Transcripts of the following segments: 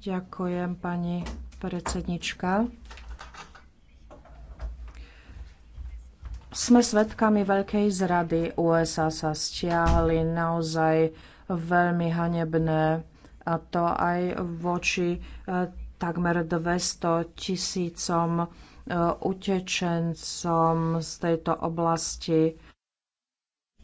Ďakujem, pani predsednička. Sme svedkami veľkej zrady. USA sa stiahli naozaj veľmi hanebné a to aj voči e, takmer 200 tisícom e, utečencom z tejto oblasti.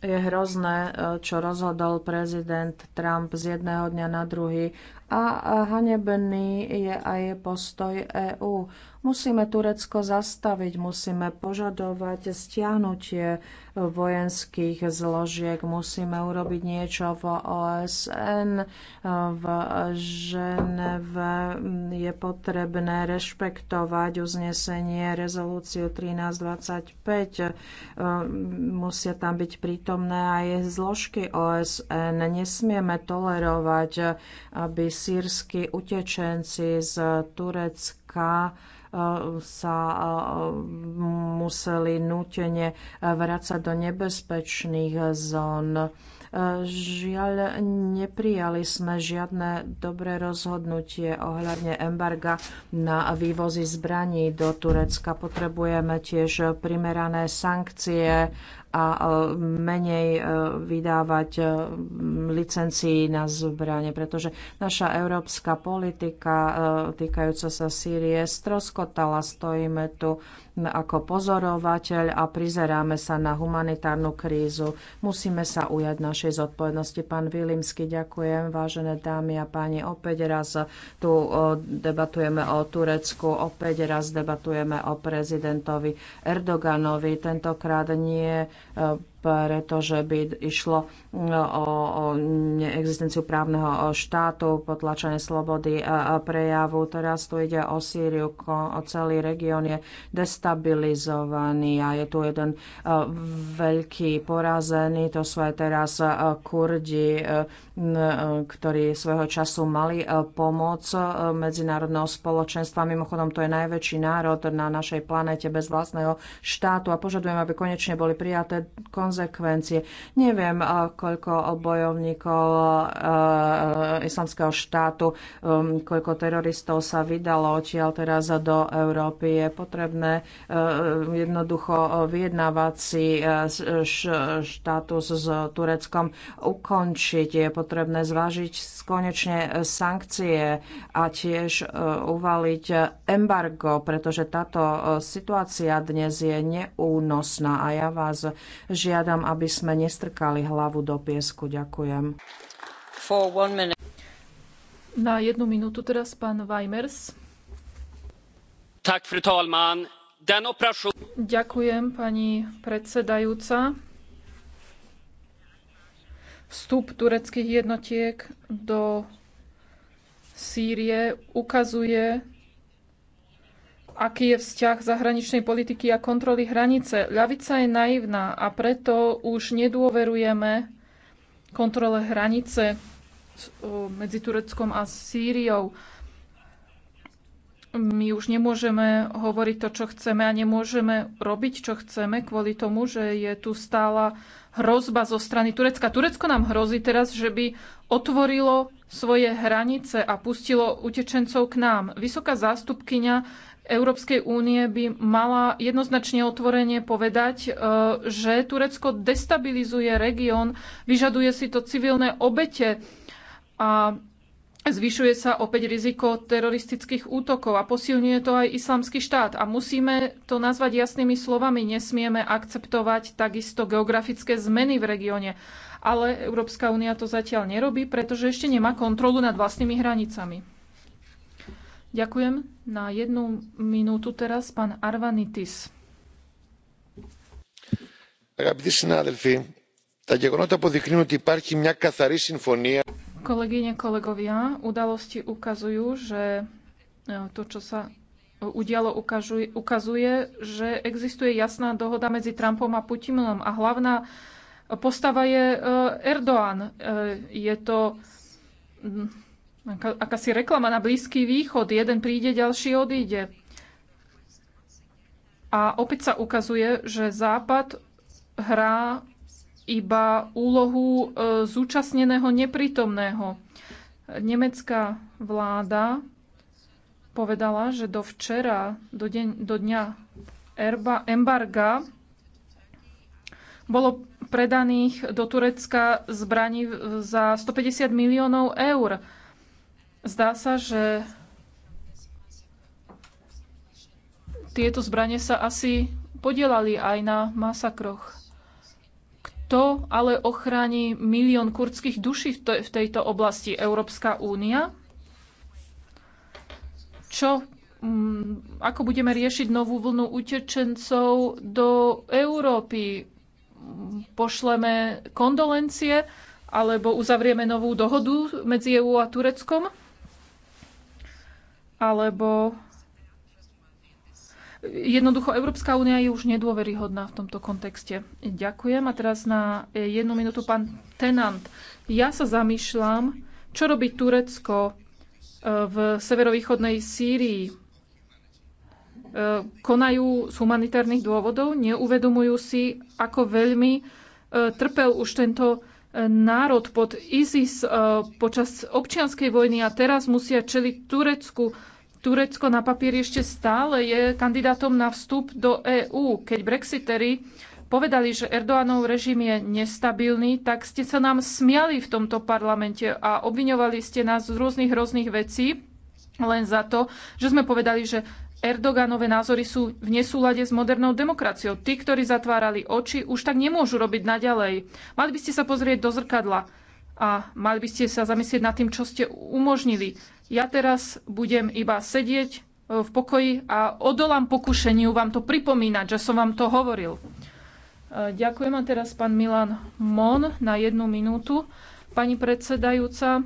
Je hrozné, e, čo rozhodol prezident Trump z jedného dňa na druhý a hanebný je aj postoj EÚ. Musíme Turecko zastaviť, musíme požadovať stiahnutie vojenských zložiek, musíme urobiť niečo v OSN, v Ženeve je potrebné rešpektovať uznesenie rezolúciu 1325. Musia tam byť prítomné aj zložky OSN. Nesmieme tolerovať, aby sírsky utečenci z Turecka eh, sa eh, museli nutene vrácať do nebezpečných zón. Eh, žiaľ, neprijali sme žiadne dobré rozhodnutie ohľadne embarga na vývozy zbraní do Turecka. Potrebujeme tiež primerané sankcie a e, menej e, vydávať e, licencií na zbranie, pretože naša európska politika týkajúca sa Sýrie stroskotala. Stojíme tu ako pozorovateľ a prizeráme sa na humanitárnu krízu. Musíme sa ujať našej zodpovednosti. Pán Vilimsky, ďakujem. Vážené dámy a páni, opäť raz tu debatujeme o Turecku, opäť raz debatujeme o prezidentovi Erdoganovi. Tentokrát nie uh, pretože by išlo mm, o, neexistenciu právneho štátu, potlačenie slobody a prejavu. Teraz tu ide o Sýriu, o celý región je destabilizovaný a je tu jeden e, veľký porazený, to sú aj teraz e, Kurdi, e, ktorí svojho času mali pomoc medzinárodného spoločenstva. Mimochodom, to je najväčší národ na našej planete bez vlastného štátu a požadujem, aby konečne boli prijaté konzultácie konsekvencie. Neviem, eh, koľko bojovníkov eh, eh, islamského štátu, um, koľko teroristov sa vydalo odtiaľ teraz do Európy. Je potrebné jednoducho vyjednávať si štátus s Tureckom ukončiť. Je potrebné zvážiť konečne sankcie a tiež uvaliť embargo, pretože táto situácia dnes je neúnosná a ja vás žiadam Žiadam, aby sme nestrkali hlavu do piesku. Ďakujem. Na jednu minútu teraz pán Weimers. Tak, fru talman. Den operation... Ďakujem, pani predsedajúca. Vstup tureckých jednotiek do Sýrie ukazuje, aký je vzťah zahraničnej politiky a kontroly hranice. Ľavica je naivná a preto už nedôverujeme kontrole hranice e, medzi Tureckom a Sýriou. My už nemôžeme hovoriť to, čo chceme a nemôžeme robiť, čo chceme kvôli tomu, že je tu stála hrozba zo strany Turecka. Turecko nám hrozí teraz, že by otvorilo svoje hranice a pustilo utečencov k nám. Vysoká zástupkyňa Európskej únie by mala jednoznačne otvorenie povedať, e, že Turecko destabilizuje región, vyžaduje si to civilné obete a zvyšuje sa opäť riziko teroristických útokov a posilňuje to aj islamský štát. A musíme to nazvať jasnými slovami. Nesmieme akceptovať takisto geografické zmeny v regióne. Ale Európska únia to zatiaľ nerobí, pretože ešte nemá kontrolu nad vlastnými hranicami. Ďakujem. Na jednu minútu teraz pán Arvanitis. Αγαπητοί συνάδελφοι, τα γεγονότα αποδεικνύουν ότι υπάρχει μια καθαρή συμφωνία. Kolegyne, kolegovia, udalosti ukazujú, že to, čo sa udialo, ukazuje, ukazuje, že existuje jasná dohoda medzi Trumpom a Putinom. A hlavná e, postava je e, Erdoğan. E, je to aká, akási reklama na Blízky východ. Jeden príde, ďalší odíde. A opäť sa ukazuje, že Západ hrá iba úlohu e, zúčastneného neprítomného. Nemecká vláda povedala, že do včera, do, deň, do dňa erba, embarga, bolo predaných do Turecka zbraní za 150 miliónov eur. Zdá sa, že tieto zbranie sa asi podielali aj na masakroch. Kto ale ochráni milión kurdských duší v tejto oblasti? Európska únia? Čo mm, ako budeme riešiť novú vlnu utečencov do Európy? Pošleme kondolencie alebo uzavrieme novú dohodu medzi EU a Tureckom? alebo Jednoducho Európska únia je už nedôveryhodná v tomto kontexte. Ďakujem. A teraz na jednu minútu pán Tenant. Ja sa zamýšľam, čo robí Turecko e, v severovýchodnej Sýrii. E, konajú z humanitárnych dôvodov, neuvedomujú si, ako veľmi e, trpel už tento národ pod ISIS e, počas občianskej vojny a teraz musia čeliť Turecku. Turecko na papieri ešte stále je kandidátom na vstup do EÚ. Keď Brexitery povedali, že Erdoánov režim je nestabilný, tak ste sa nám smiali v tomto parlamente a obviňovali ste nás z rôznych hrozných vecí len za to, že sme povedali, že Erdoganové názory sú v nesúlade s modernou demokraciou. Tí, ktorí zatvárali oči, už tak nemôžu robiť naďalej. Mali by ste sa pozrieť do zrkadla a mali by ste sa zamyslieť nad tým, čo ste umožnili. Ja teraz budem iba sedieť e, v pokoji a odolám pokušeniu vám to pripomínať, že som vám to hovoril. E, ďakujem a teraz pán Milan Mon na jednu minútu. Pani predsedajúca,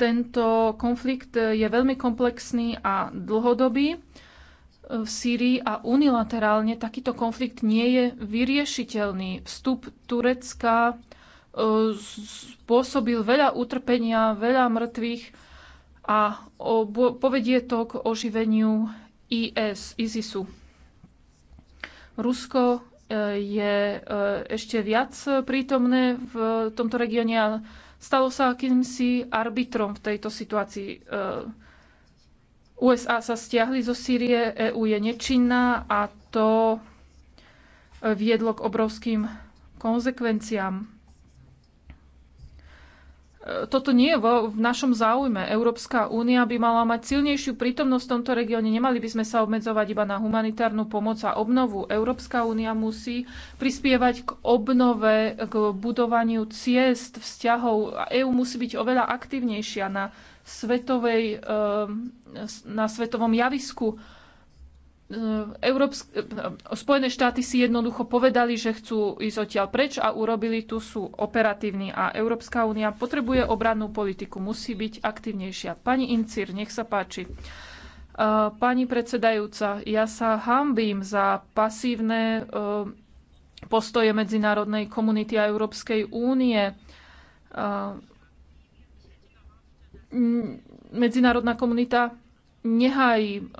tento konflikt je veľmi komplexný a dlhodobý v Sýrii a unilaterálne takýto konflikt nie je vyriešiteľný. Vstup Turecka e, spôsobil veľa utrpenia, veľa mŕtvych a povedie to k oživeniu IS, ISISu. Rusko e, je e, ešte viac prítomné v tomto regióne a stalo sa akýmsi arbitrom v tejto situácii. E, USA sa stiahli zo Sýrie, EÚ je nečinná a to viedlo k obrovským konzekvenciám toto nie je vo, v našom záujme. Európska únia by mala mať silnejšiu prítomnosť v tomto regióne. Nemali by sme sa obmedzovať iba na humanitárnu pomoc a obnovu. Európska únia musí prispievať k obnove, k budovaniu ciest, vzťahov. EÚ musí byť oveľa aktívnejšia na, svetovej, ehm, na svetovom javisku E, Európsk- e, e, Spojené štáty si jednoducho povedali, že chcú ísť odtiaľ preč a urobili tu sú operatívni a Európska únia potrebuje obrannú politiku, musí byť aktívnejšia. Pani Incir, nech sa páči. Pani predsedajúca, ja sa hambím za pasívne postoje medzinárodnej komunity a Európskej únie medzinárodná komunita Nehaj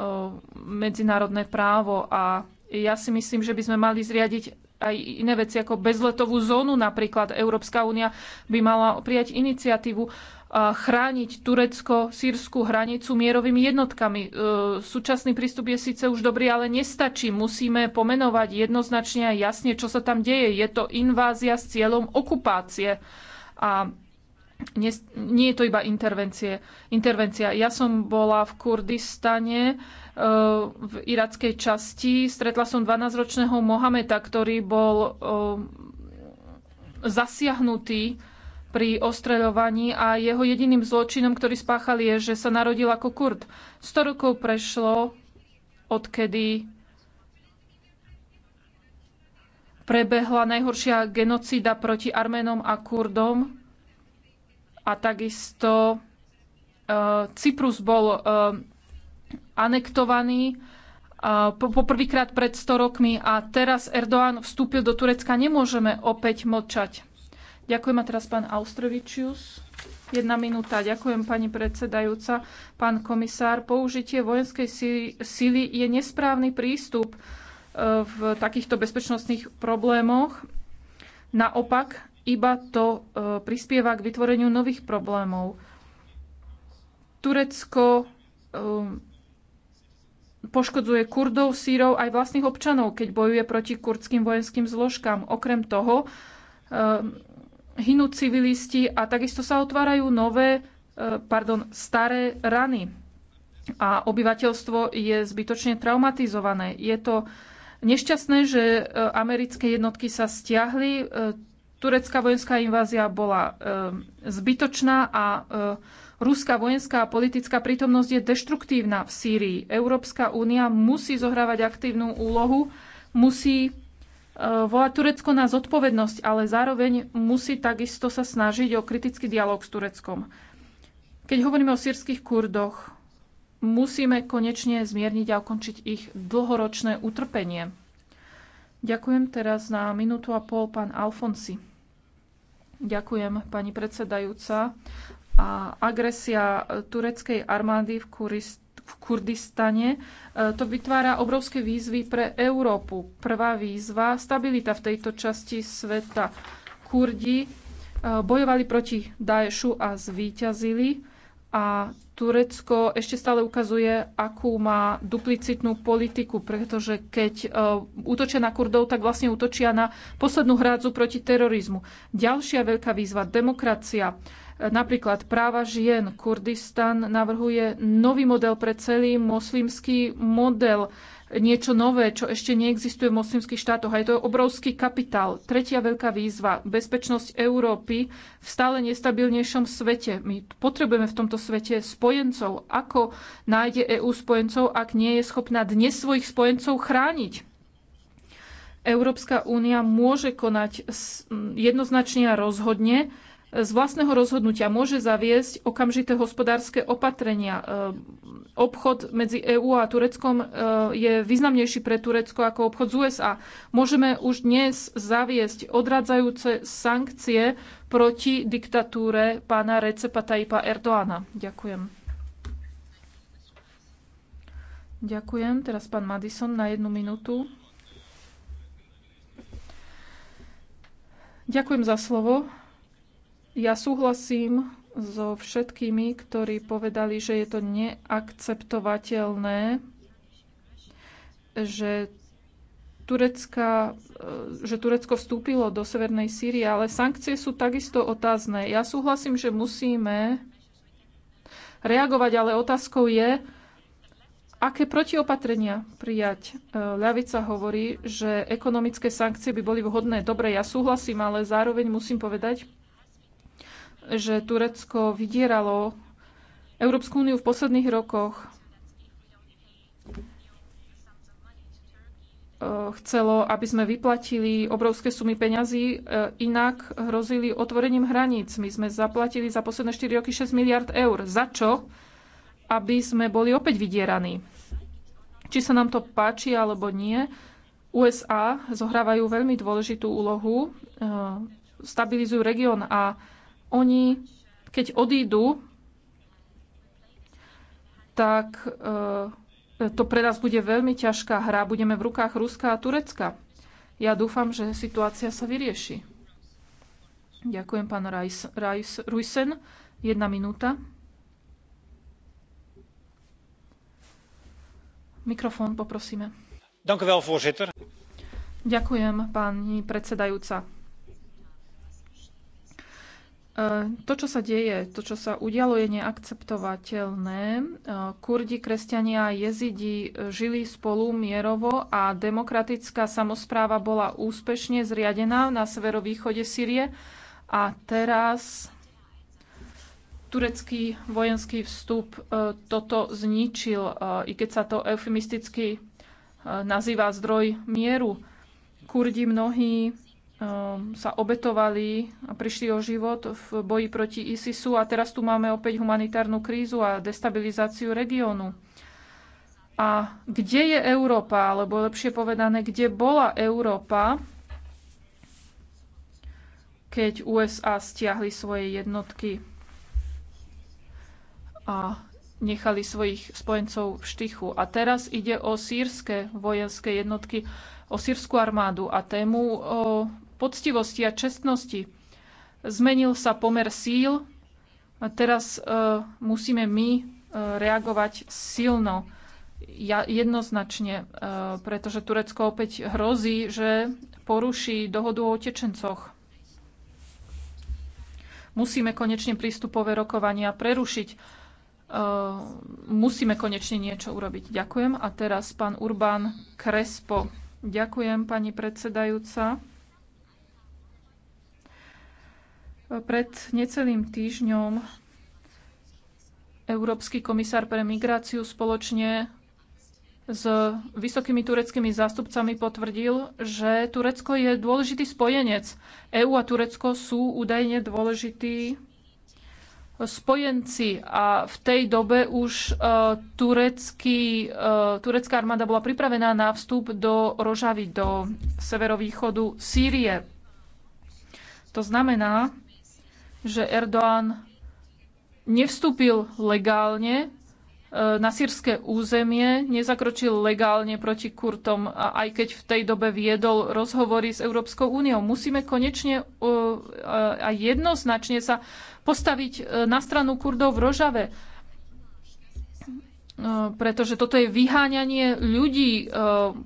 medzinárodné právo a ja si myslím, že by sme mali zriadiť aj iné veci ako bezletovú zónu. Napríklad Európska únia by mala prijať iniciatívu chrániť turecko-sírskú hranicu mierovými jednotkami. E, súčasný prístup je síce už dobrý, ale nestačí. Musíme pomenovať jednoznačne a jasne, čo sa tam deje. Je to invázia s cieľom okupácie. A nie, nie je to iba intervencie. intervencia. Ja som bola v Kurdistane, e, v irackej časti. Stretla som 12-ročného Mohameda, ktorý bol e, zasiahnutý pri ostreľovaní a jeho jediným zločinom, ktorý spáchal, je, že sa narodil ako Kurd. 100 rokov prešlo, odkedy prebehla najhoršia genocída proti Arménom a Kurdom a takisto e, Cyprus bol e, anektovaný e, poprvýkrát pred 100 rokmi a teraz Erdoğan vstúpil do Turecka. Nemôžeme opäť mlčať. Ďakujem a teraz pán Austrovičius. Jedna minúta. Ďakujem, pani predsedajúca. Pán komisár, použitie vojenskej sily je nesprávny prístup v takýchto bezpečnostných problémoch. Naopak, iba to e, prispieva k vytvoreniu nových problémov. Turecko e, poškodzuje Kurdov, Sírov aj vlastných občanov, keď bojuje proti kurdským vojenským zložkám. Okrem toho, e, hynú civilisti a takisto sa otvárajú nové, pardon, staré rany. A obyvateľstvo je zbytočne traumatizované. Je to nešťastné, že americké jednotky sa stiahli turecká vojenská invázia bola e, zbytočná a e, ruská vojenská a politická prítomnosť je deštruktívna v Sýrii. Európska únia musí zohrávať aktívnu úlohu, musí e, volať Turecko na zodpovednosť, ale zároveň musí takisto sa snažiť o kritický dialog s Tureckom. Keď hovoríme o sírskych kurdoch, musíme konečne zmierniť a ukončiť ich dlhoročné utrpenie. Ďakujem teraz na minútu a pol pán Alfonsi. Ďakujem, pani predsedajúca. A agresia tureckej armády v, Kurist- v Kurdistane e, to vytvára obrovské výzvy pre Európu. Prvá výzva, stabilita v tejto časti sveta. Kurdi e, bojovali proti Daešu a zvíťazili a Turecko ešte stále ukazuje, akú má duplicitnú politiku, pretože keď e, útočia na Kurdov, tak vlastne útočia na poslednú hrádzu proti terorizmu. Ďalšia veľká výzva, demokracia, e, napríklad práva žien. Kurdistan navrhuje nový model pre celý moslimský model niečo nové, čo ešte neexistuje v moslimských štátoch. A je to obrovský kapitál. Tretia veľká výzva. Bezpečnosť Európy v stále nestabilnejšom svete. My potrebujeme v tomto svete spojencov. Ako nájde EÚ spojencov, ak nie je schopná dnes svojich spojencov chrániť? Európska únia môže konať jednoznačne a rozhodne z vlastného rozhodnutia môže zaviesť okamžité hospodárske opatrenia. E, obchod medzi EÚ a Tureckom e, je významnejší pre Turecko ako obchod z USA. Môžeme už dnes zaviesť odradzajúce sankcie proti diktatúre pána Recepa Tayyipa Erdoána. Ďakujem. Ďakujem. Teraz pán Madison na jednu minútu. Ďakujem za slovo. Ja súhlasím so všetkými, ktorí povedali, že je to neakceptovateľné, že Turecka, e, že Turecko vstúpilo do Severnej Sýrie, ale sankcie sú takisto otázne. Ja súhlasím, že musíme reagovať, ale otázkou je, aké protiopatrenia prijať. E, ľavica hovorí, že ekonomické sankcie by boli vhodné. Dobre, ja súhlasím, ale zároveň musím povedať, že Turecko vydieralo Európsku úniu v posledných rokoch. Eh, chcelo, aby sme vyplatili obrovské sumy peňazí, eh, inak hrozili otvorením hraníc. My sme zaplatili za posledné 4 roky 6 miliard eur. Za čo? Aby sme boli opäť vydieraní. Či sa nám to páči alebo nie, USA zohrávajú veľmi dôležitú úlohu, eh, stabilizujú región a oni, keď odídu, tak e, to pre nás bude veľmi ťažká hra. Budeme v rukách Ruska a Turecka. Ja dúfam, že situácia sa vyrieši. Ďakujem, pán Rajs, Rajs, Jedna minúta. Mikrofón poprosíme. Ďakujem, pani predsedajúca E, to, čo sa deje, to, čo sa udialo, je neakceptovateľné. E, kurdi, kresťania a jezidi e, žili spolu mierovo a demokratická samozpráva bola úspešne zriadená na severovýchode Sýrie a teraz turecký vojenský vstup toto zničil, i keď sa to eufemisticky nazýva zdroj mieru. Kurdi mnohí Ehm, sa obetovali a prišli o život v boji proti ISISu a teraz tu máme opäť humanitárnu krízu a destabilizáciu regiónu. A kde je Európa, alebo lepšie povedané, kde bola Európa, keď USA stiahli svoje jednotky a nechali svojich spojencov v štychu. A teraz ide o sírske vojenské jednotky, o sírskú armádu a tému o poctivosti a čestnosti. Zmenil sa pomer síl a teraz uh, musíme my uh, reagovať silno, ja, jednoznačne, uh, pretože Turecko opäť hrozí, že poruší dohodu o utečencoch. Musíme konečne prístupové rokovania prerušiť. Uh, musíme konečne niečo urobiť. Ďakujem. A teraz pán Urbán Krespo. Ďakujem, pani predsedajúca. Pred necelým týždňom Európsky komisár pre migráciu spoločne s vysokými tureckými zástupcami potvrdil, že Turecko je dôležitý spojenec. EÚ a Turecko sú údajne dôležití spojenci a v tej dobe už e, turecký, e, turecká armáda bola pripravená na vstup do Rožavy, do severovýchodu Sýrie. To znamená, že Erdoğan nevstúpil legálne e, na sírske územie, nezakročil legálne proti Kurtom, aj keď v tej dobe viedol rozhovory s Európskou úniou. Musíme konečne e, e, a jednoznačne sa postaviť na stranu Kurdov v Rožave, pretože toto je vyháňanie ľudí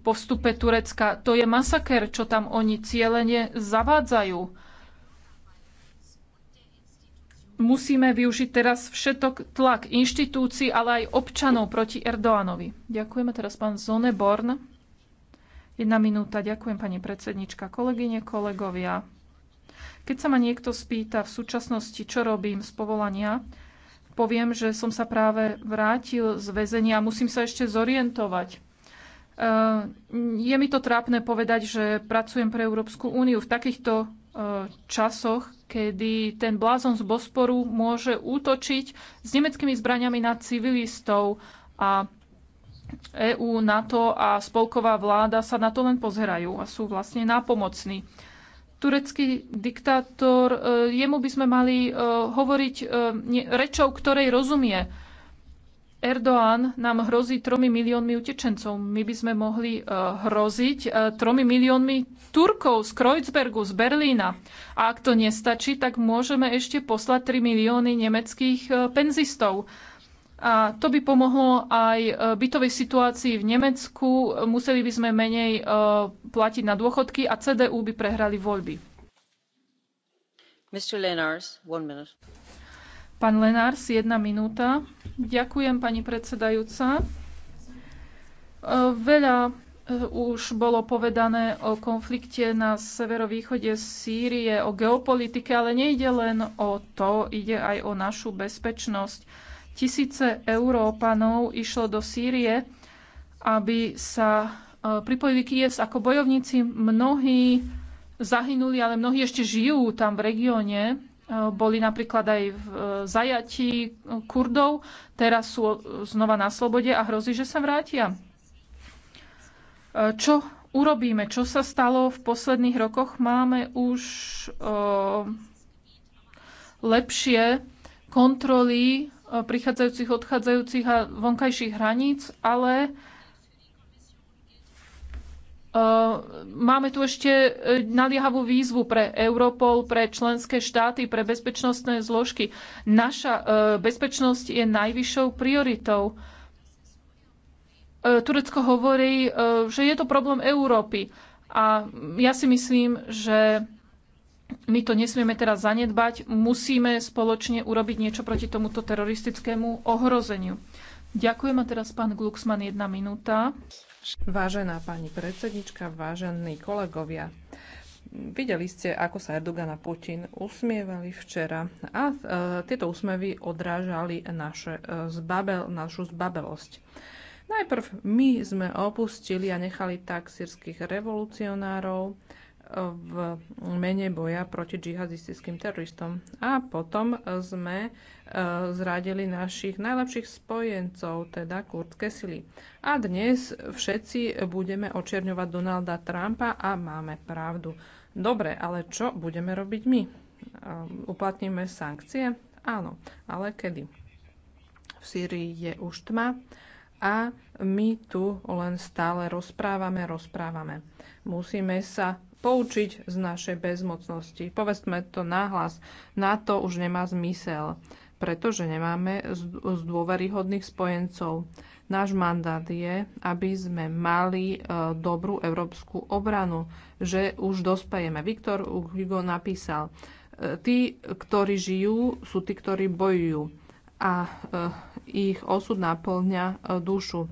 po vstupe Turecka. To je masaker, čo tam oni cieľene zavádzajú musíme využiť teraz všetok tlak inštitúcií, ale aj občanov proti Erdoánovi. Ďakujeme teraz pán Zone Born. Jedna minúta. Ďakujem pani predsednička, kolegyne, kolegovia. Keď sa ma niekto spýta v súčasnosti, čo robím z povolania, poviem, že som sa práve vrátil z väzenia a musím sa ešte zorientovať. E, je mi to trápne povedať, že pracujem pre Európsku úniu. V takýchto časoch, kedy ten blázon z Bosporu môže útočiť s nemeckými zbraniami na civilistov a EÚ, NATO a spolková vláda sa na to len pozerajú a sú vlastne nápomocní. Turecký diktátor, e, jemu by sme mali e, hovoriť e, rečou, ktorej rozumie Erdoğan nám hrozí tromi miliónmi utečencov. My by sme mohli eh, hroziť eh, tromi miliónmi Turkov z Kreuzbergu, z Berlína. A ak to nestačí, tak môžeme ešte poslať 3 milióny nemeckých eh, penzistov. A to by pomohlo aj bytovej situácii v Nemecku. Museli by sme menej platiť na dôchodky a CDU by prehrali voľby. Mr. Lenars, one minute. Pán Lenars, jedna minúta. Ďakujem, pani predsedajúca. E, veľa e, už bolo povedané o konflikte na severovýchode Sýrie, o geopolitike, ale nejde len o to, ide aj o našu bezpečnosť. Tisíce Európanov išlo do Sýrie, aby sa e, pripojili k IS ako bojovníci. Mnohí zahynuli, ale mnohí ešte žijú tam v regióne. Eh, boli napríklad aj v eh, zajatí eh, Kurdov, teraz sú znova na slobode a hrozí, že sa vrátia. Čo urobíme? Čo sa stalo v posledných rokoch? Máme už lepšie kontroly prichádzajúcich, odchádzajúcich a vonkajších hraníc, ale Ehm, máme tu ešte e, naliehavú výzvu pre Europol, pre členské štáty, pre bezpečnostné zložky. Naša e, bezpečnosť je najvyššou prioritou. E, Turecko hovorí, že je to problém Európy. A ja si myslím, že my to nesmieme teraz zanedbať. Musíme spoločne urobiť niečo proti tomuto teroristickému ohrozeniu. Ďakujem a teraz pán Glucksmann, jedna minúta. Vážená pani predsednička, vážení kolegovia, videli ste, ako sa Erdogan a Putin usmievali včera a e, tieto úsmevy odrážali naše, e, zbabel, našu zbabelosť. Najprv my sme opustili a nechali tak sírskych revolucionárov, v mene boja proti džihadistickým teroristom. A potom sme e, zradili našich najlepších spojencov, teda kurdské sily. A dnes všetci budeme očierňovať Donalda Trumpa a máme pravdu. Dobre, ale čo budeme robiť my? E, uplatníme sankcie? Áno, ale kedy? V Sýrii je už tma a my tu len stále rozprávame, rozprávame. Musíme sa poučiť z našej bezmocnosti. Povedzme to náhlas. to už nemá zmysel, pretože nemáme z dôveryhodných spojencov. Náš mandát je, aby sme mali e, dobrú európsku obranu, že už dospejeme. Viktor Hugo napísal, e, tí, ktorí žijú, sú tí, ktorí bojujú a e, ich osud naplňa dušu.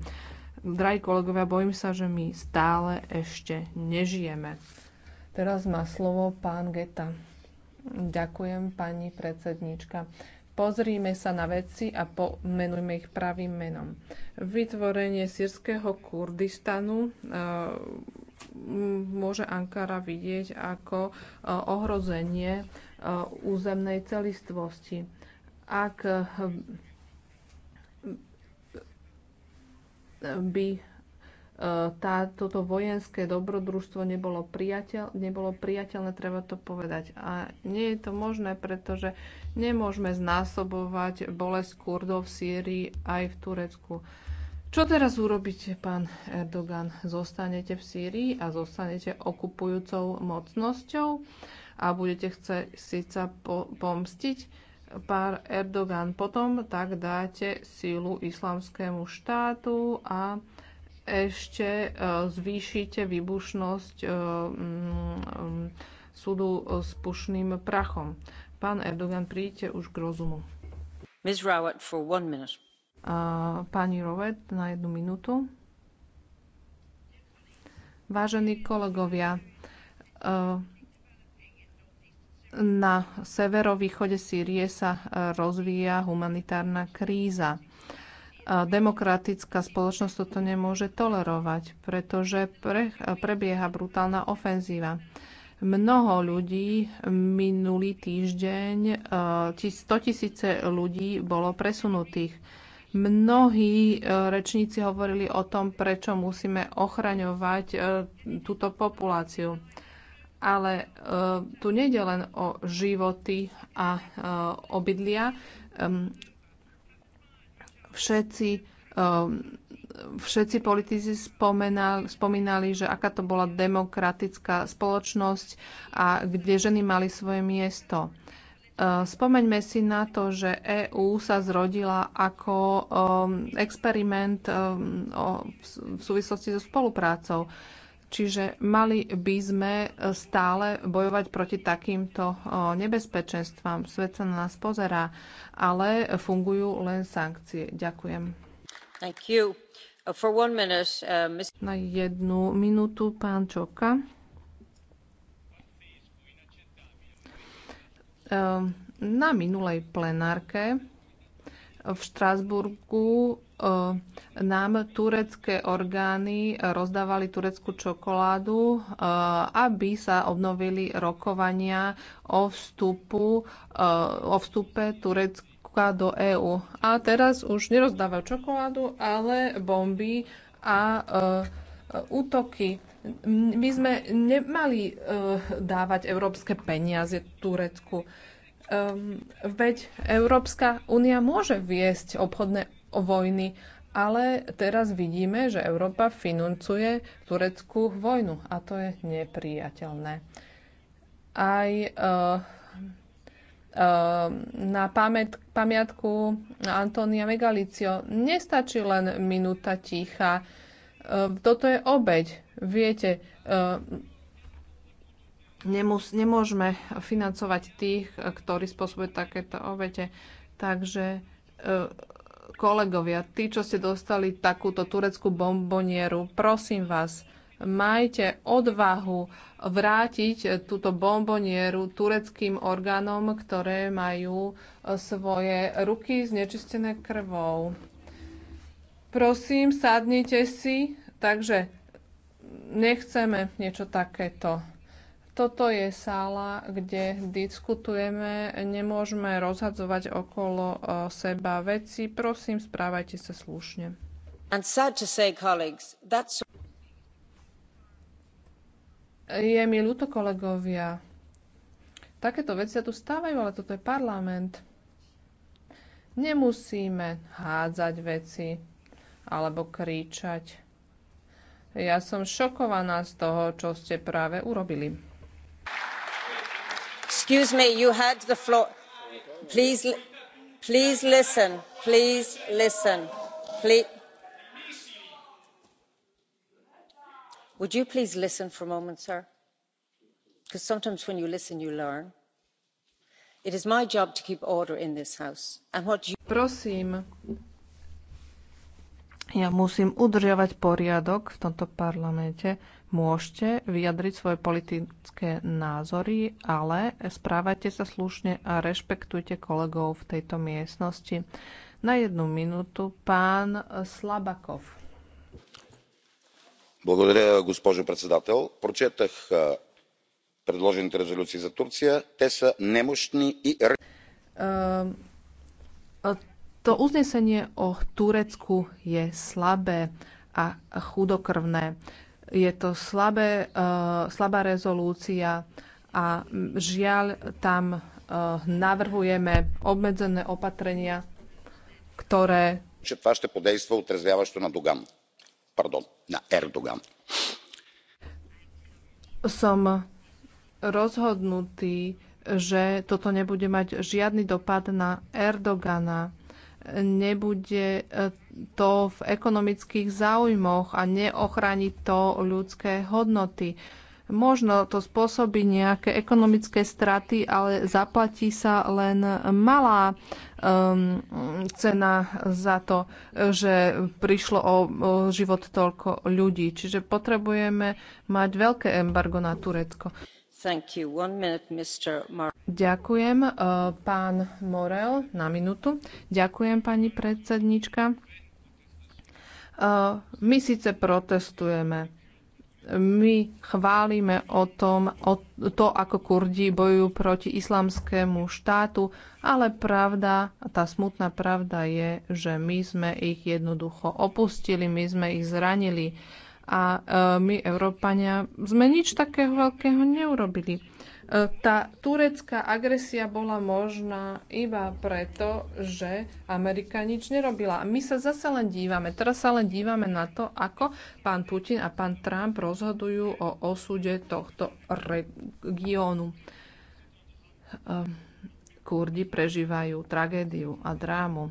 Drahí kolegovia, bojím sa, že my stále ešte nežijeme. Teraz má slovo pán Geta. Ďakujem, pani predsednička. Pozrime sa na veci a pomenujme ich pravým menom. Vytvorenie sírskeho Kurdistanu e, môže Ankara vidieť ako e, ohrozenie e, územnej celistvosti. Ak e, by tá, toto vojenské dobrodružstvo nebolo, priateľ, nebolo priateľné, treba to povedať. A nie je to možné, pretože nemôžeme znásobovať bolesť Kurdov v Sýrii aj v Turecku. Čo teraz urobíte, pán Erdogan? Zostanete v Sýrii a zostanete okupujúcou mocnosťou a budete chcieť síca po- pomstiť? pár Erdogan. Potom tak dáte sílu islamskému štátu a ešte e, zvýšite výbušnosť e, súdu e, s pušným prachom. Pán Erdogan, príďte už k rozumu. Ms. Rowett for one minute. Pani Rowett na jednu minútu. Vážení kolegovia, na severovýchode Sýrie sa rozvíja humanitárna kríza demokratická spoločnosť toto nemôže tolerovať, pretože pre, prebieha brutálna ofenzíva. Mnoho ľudí minulý týždeň, 100 e, tisíce ľudí bolo presunutých. Mnohí e, rečníci hovorili o tom, prečo musíme ochraňovať e, túto populáciu. Ale tu nejde len o životy a obydlia, všetci, ehm, všetci politici spomenali, spomínali, že aká to bola demokratická spoločnosť a kde ženy mali svoje miesto. Ehm, spomeňme si na to, že EÚ sa zrodila ako ehm, experiment v súvislosti so spoluprácou. Čiže mali by sme e, stále bojovať proti takýmto e, nebezpečenstvám. Svet sa na nás pozerá, ale fungujú len sankcie. Ďakujem. Thank you. Uh, for one minute, uh, Na jednu minútu pán Čoka. E, na minulej plenárke v Štrásburgu nám turecké orgány rozdávali tureckú čokoládu, aby sa obnovili rokovania o, vstupu, o vstupe Turecka do EÚ. A teraz už nerozdávajú čokoládu, ale bomby a útoky. My sme nemali dávať európske peniaze Turecku. Ehm, veď Európska únia môže viesť obchodné vojny. Ale teraz vidíme, že Európa financuje Tureckú vojnu a to je nepriateľné. Aj uh, uh, na pamät, pamiatku Antonia Megalicio nestačí len minúta ticha. Uh, toto je obeď. Viete, nemus- nemôžeme financovať tých, ktorí spôsobujú takéto obete. Takže Kolegovia, tí, čo ste dostali takúto tureckú bombonieru, prosím vás, majte odvahu vrátiť túto bombonieru tureckým orgánom, ktoré majú e, svoje ruky znečistené krvou. Prosím, sadnite si. Takže nechceme niečo takéto. Toto je sála, kde diskutujeme, nemôžeme rozhadzovať okolo e, seba veci. Prosím, správajte sa slušne. Say, je mi ľúto, kolegovia. Takéto veci sa tu stávajú, ale toto je parlament. Nemusíme hádzať veci alebo kričať. Ja som šokovaná z toho, čo ste práve urobili excuse me you had the floor please please listen please listen would you please listen for a moment sir because sometimes when you listen you learn. it is my job to keep order in this house and what you. prosím ja musím udržiavať poriadok v tomto parlamente Môžete vyjadriť svoje politické názory, ale správajte sa slušne a rešpektujte kolegov v tejto miestnosti. Na jednu minútu pán Slabakov. Благодаря, госпожо председател. Прочетах предложените резолюции за Турция. Те са немощни и... To uznesenie o Turecku je slabé a chudokrvné. Je to slabé, eh, slabá rezolúcia a žiaľ tam eh, navrhujeme obmedzené opatrenia, ktoré... Че това ще подейства to na Dugan. Pardon, na Erdogan. Som rozhodnutý, že toto nebude mať žiadny dopad na Erdogana nebude e, to v ekonomických záujmoch a neochráni to ľudské hodnoty. Možno to spôsobí nejaké ekonomické straty, ale zaplatí sa len malá um, cena za to, že prišlo o, o život toľko ľudí. Čiže potrebujeme mať veľké embargo na Turecko. Ďakujem, uh, pán Morel, na minútu. Ďakujem, pani predsednička. Uh, my síce protestujeme, my chválime o tom, o to, ako Kurdi bojujú proti islamskému štátu, ale pravda, tá smutná pravda je, že my sme ich jednoducho opustili, my sme ich zranili a e, my, Európania, sme nič takého veľkého neurobili. E, tá turecká agresia bola možná iba preto, že Amerika nič nerobila. A my sa zase len dívame, teraz sa len dívame na to, ako pán Putin a pán Trump rozhodujú o osude tohto regiónu. E, kurdi prežívajú tragédiu a drámu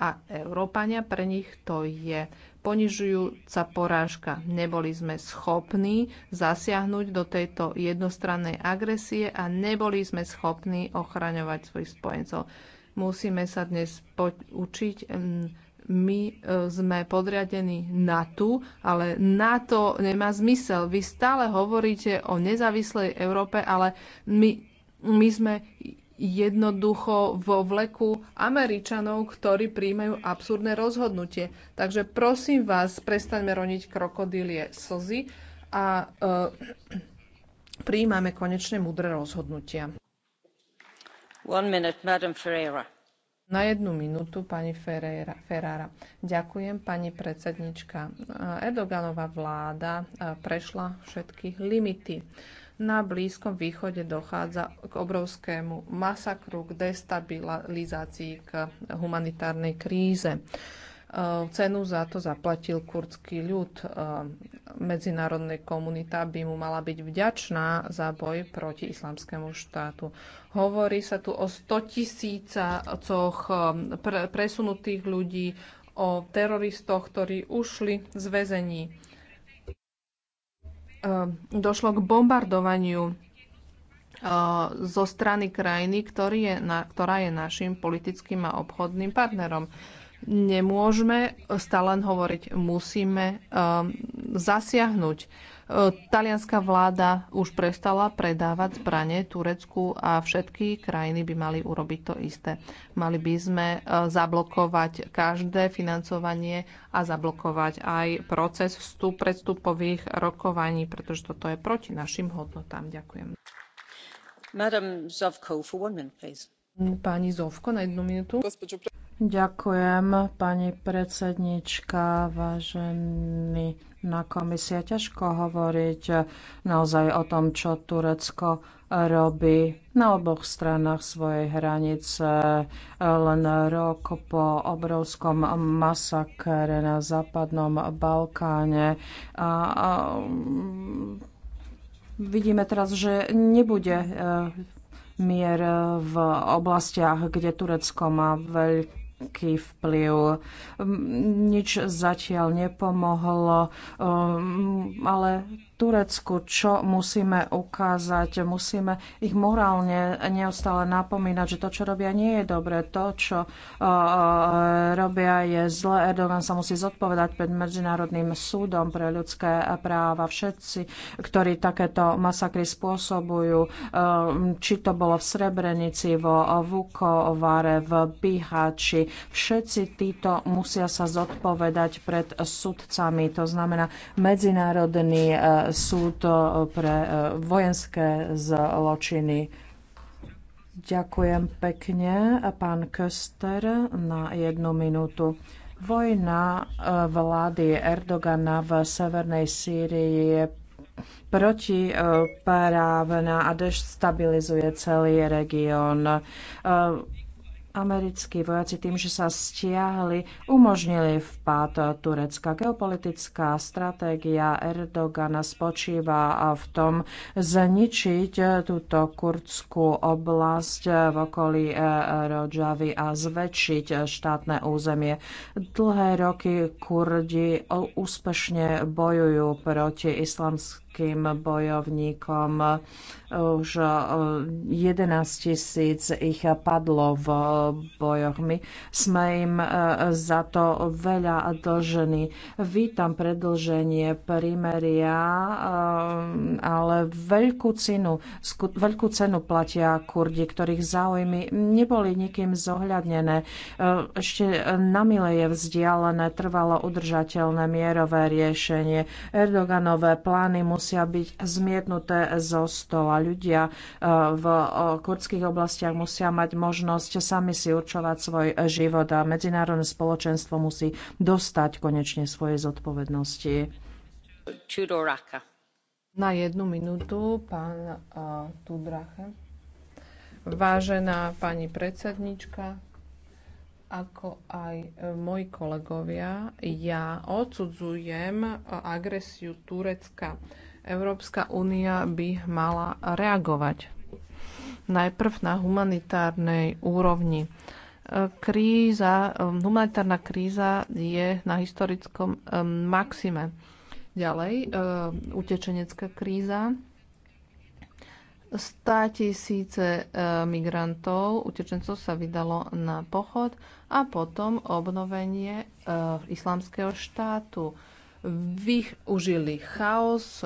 a Európania pre nich to je ponižujúca porážka. Neboli sme schopní zasiahnuť do tejto jednostrannej agresie a neboli sme schopní ochraňovať svojich spojencov. Musíme sa dnes učiť. My e, sme podriadení NATO, ale NATO nemá zmysel. Vy stále hovoríte o nezávislej Európe, ale my, my sme jednoducho vo vleku Američanov, ktorí príjmajú absurdné rozhodnutie. Takže prosím vás, prestaňme roniť krokodílie slzy a e, príjmame konečne mudré rozhodnutia. One minute, Madam Ferreira. Na jednu minútu pani Ferreira, Ferrara. Ďakujem, pani predsednička. E, Erdoganová vláda e, prešla všetky limity na Blízkom východe dochádza k obrovskému masakru, k destabilizácii, k humanitárnej kríze. E, cenu za to zaplatil kurdský ľud. E, Medzinárodná komunita by mu mala byť vďačná za boj proti islamskému štátu. Hovorí sa tu o 100 tisícoch e, presunutých ľudí, o teroristoch, ktorí ušli z väzení Ehm, došlo k bombardovaniu ehm, zo strany krajiny, ktorý je, ktorá je našim politickým a obchodným partnerom. Nemôžeme stále len hovoriť, musíme um, zasiahnuť. Uh, talianská vláda už prestala predávať zbranie Turecku a všetky krajiny by mali urobiť to isté. Mali by sme uh, zablokovať každé financovanie a zablokovať aj proces vstup predstupových rokovaní, pretože toto je proti našim hodnotám. Ďakujem. Madam Zovko, for one minute, please. Pani Zovko, na jednu minútu. Ďakujem, pani predsednička, vážený na komisia. Ťažko hovoriť naozaj o tom, čo Turecko robí na oboch stranách svojej hranice. Len rok po obrovskom masakre na západnom Balkáne. A, a, vidíme teraz, že nebude e, mier v oblastiach, kde Turecko má veľký aký vplyv. Nič zatiaľ nepomohlo, um, ale Turecku čo musíme ukázať? Musíme ich morálne neustále napomínať, že to, čo robia, nie je dobré. To, čo uh, uh, robia, je zle. Erdogan sa musí zodpovedať pred Medzinárodným súdom pre ľudské práva. Všetci, ktorí takéto masakry spôsobujú, um, či to bolo v Srebrenici, vo Vukovare, v Bihači, Všetci títo musia sa zodpovedať pred sudcami, to znamená Medzinárodný e, súd e, pre e, vojenské zločiny. Ďakujem pekne, pán Köster, na jednu minútu. Vojna vlády Erdogana v severnej Sýrii je protiprávna a destabilizuje celý región. Americkí vojaci tým, že sa stiahli, umožnili vpád Turecka. Geopolitická stratégia Erdogana spočíva v tom zničiť túto kurdskú oblasť v okolí Rodžavy a zväčšiť štátne územie. Dlhé roky Kurdi úspešne bojujú proti islamským ruským bojovníkom. Už 11 eh, tisíc ich padlo v bojoch. My sme im eh, za to veľa dlžení. Vítam predlženie primeria, eh, ale veľkú cenu, veľkú cenu platia kurdi, ktorých záujmy neboli nikým zohľadnené. Ešte na mile je vzdialené trvalo udržateľné mierové riešenie. Erdoganové plány musí musia byť zmietnuté zo stola. Ľudia eh, v eh, kurdských oblastiach musia mať možnosť sami si určovať svoj život a medzinárodné spoločenstvo musí dostať konečne svoje zodpovednosti. Čudoraka. Na jednu minútu, pán uh, Tudrache. Vážená pani predsednička, ako aj moji kolegovia, ja odsudzujem agresiu Turecka. Európska únia by mala reagovať. Najprv na humanitárnej úrovni. E, kríza, e, humanitárna kríza je na historickom e, maxime. Ďalej, utečenecká kríza. 100 tisíce migrantov, utečencov sa vydalo na pochod a potom obnovenie islamského štátu využili chaos,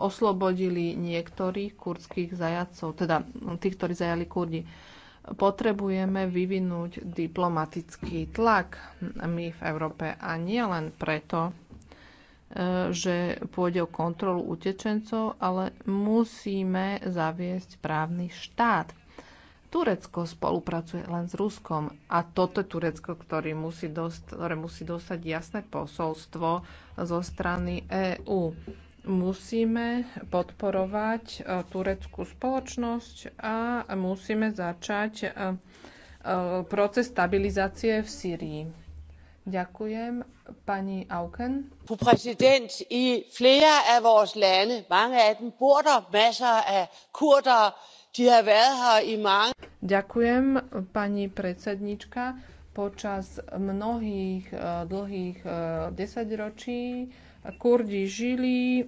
oslobodili niektorých kurdských zajacov, teda tých, ktorí zajali kurdi. Potrebujeme vyvinúť diplomatický tlak my v Európe a nie len preto, e, že pôjde o kontrolu utečencov, ale musíme zaviesť právny štát Turecko spolupracuje len s Ruskom a toto Turecko, ktoré musí, dost, ktoré musí dostať jasné posolstvo zo strany EÚ. Musíme podporovať e, tureckú spoločnosť a musíme začať e, e, proces stabilizácie v Sýrii. Ďakujem. Pani Auken. Fru prezident, i flera af vores lande, mange af dem bor der masser af kurder, Ďakujem, pani predsednička. Počas mnohých eh, dlhých eh, desaťročí Kurdi žili eh,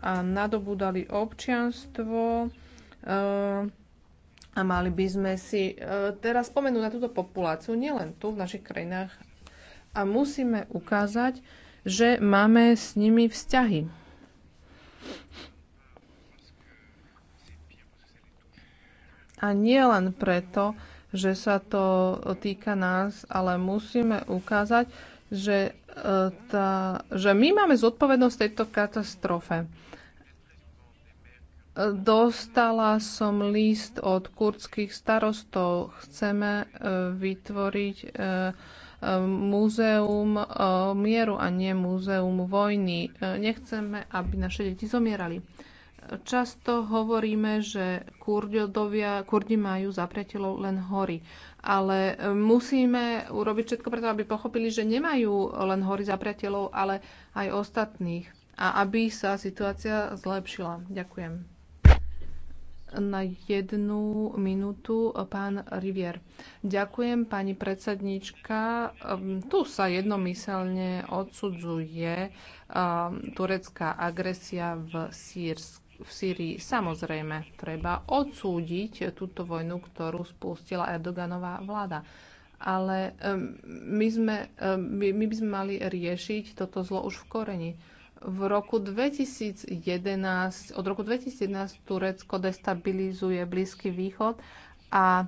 a nadobudali občianstvo a mali by sme si teraz spomenúť na túto populáciu nielen tu v našich krajinách a musíme ukázať, že máme s nimi vzťahy. A nie len preto, že sa to týka nás, ale musíme ukázať, že, e, tá, že my máme zodpovednosť tejto katastrofe. E, dostala som list od kurdských starostov. Chceme e, vytvoriť múzeum mieru a nie múzeum vojny. Nechceme, aby naše deti zomierali. Často hovoríme, že kurdovia, Kurdi majú za priateľov len hory. Ale e, musíme urobiť všetko preto, aby pochopili, že nemajú len hory za priateľov, ale aj ostatných. A aby sa situácia zlepšila. Ďakujem. Na jednu minútu e, pán Rivier. Ďakujem, pani predsednička. E, tu sa jednomyselne odsudzuje turecká agresia v Sýrsku v Sýrii. Samozrejme, treba odsúdiť túto vojnu, ktorú spustila Erdoganová vláda. Ale my, sme, my, by sme mali riešiť toto zlo už v koreni. V roku 2011, od roku 2011 Turecko destabilizuje Blízky východ a e,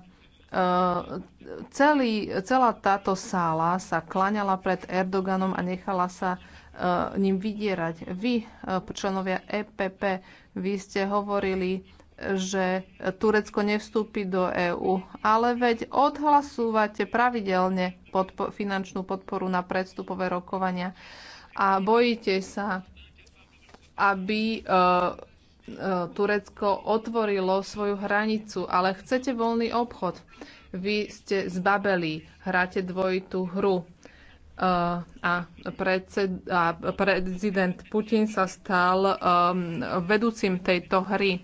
celý, celá táto sála sa klaňala pred Erdoganom a nechala sa e, ním vydierať. Vy, e, členovia EPP, vy ste hovorili, že Turecko nevstúpi do EÚ, ale veď odhlasúvate pravidelne podpo- finančnú podporu na predstupové rokovania a bojíte sa, aby e, e, Turecko otvorilo svoju hranicu, ale chcete voľný obchod. Vy ste zbabeli, hráte dvojitú hru a, predsed, a prezident Putin sa stal um, vedúcim tejto hry.